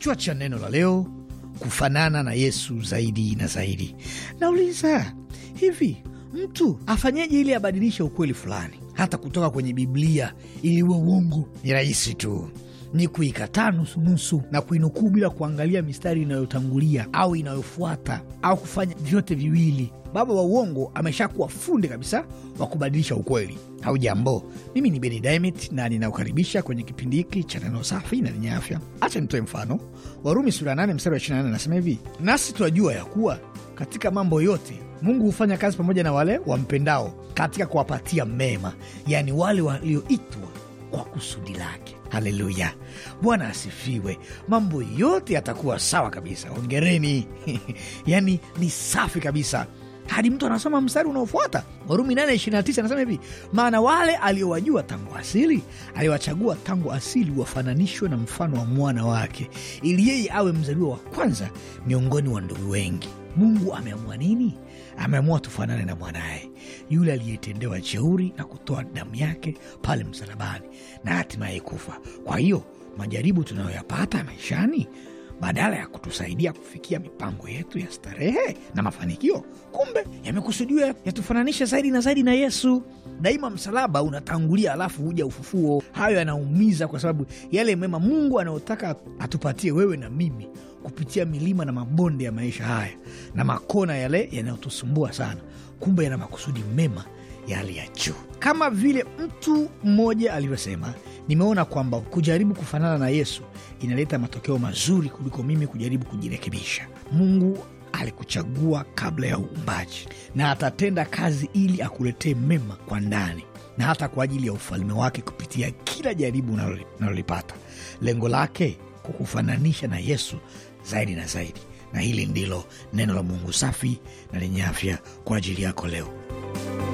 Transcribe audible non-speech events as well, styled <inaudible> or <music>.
Kichwa cha neno la leo, kufanana na Yesu zaidi na zaidi. Nauliza hivi, mtu afanyeje ili abadilishe ukweli fulani hata kutoka kwenye Biblia iliwe uongo? Ni rahisi tu, ni kuikataa nusunusu na kuinukuu bila kuangalia mistari inayotangulia au inayofuata au kufanya vyote viwili. Baba wa uongo ameshakuwa funde kabisa wa kubadilisha ukweli. jambo mimi ni Beni Diamond na ninakukaribisha kwenye kipindi hiki cha neno safi na lenye afya. Acha nitoe mfano. Warumi sura 8 mstari wa 28 anasema hivi, nasi tunajua ya kuwa katika mambo yote Mungu hufanya kazi pamoja na wale wampendao katika kuwapatia mema, yaani wale walioitwa kwa kusudi lake. Haleluya, Bwana asifiwe. Mambo yote yatakuwa sawa kabisa. ongereni <laughs> Yaani ni safi kabisa hadi mtu anasoma mstari unaofuata Warumi 8:29 anasema hivi, maana wale aliowajua tangu asili, aliwachagua tangu asili wafananishwe na mfano wa mwana wake, ili yeye awe mzaliwa wa kwanza miongoni wa ndugu wengi. Mungu ameamua nini? Ameamua tufanane na mwanaye yule aliyetendewa jeuri na kutoa damu yake pale msalabani na hatimaye kufa. Kwa hiyo majaribu tunayoyapata maishani badala ya kutusaidia kufikia mipango yetu ya starehe na mafanikio, kumbe yamekusudiwa yatufananishe zaidi na zaidi na Yesu. Daima msalaba unatangulia, alafu huja ufufuo. Hayo yanaumiza kwa sababu yale mema Mungu anayotaka atupatie wewe na mimi kupitia milima na mabonde ya maisha haya na makona yale yanayotusumbua sana, kumbe yana makusudi mema ya hali ya juu. Kama vile mtu mmoja alivyosema, nimeona kwamba kujaribu kufanana na Yesu inaleta matokeo mazuri kuliko mimi kujaribu kujirekebisha. Mungu alikuchagua kabla ya uumbaji na atatenda kazi ili akuletee mema kwa ndani na hata kwa ajili ya ufalme wake kupitia kila jaribu unalolipata. Lengo lake kukufananisha na Yesu zaidi na zaidi, na hili ndilo neno la Mungu safi na lenye afya kwa ajili yako leo.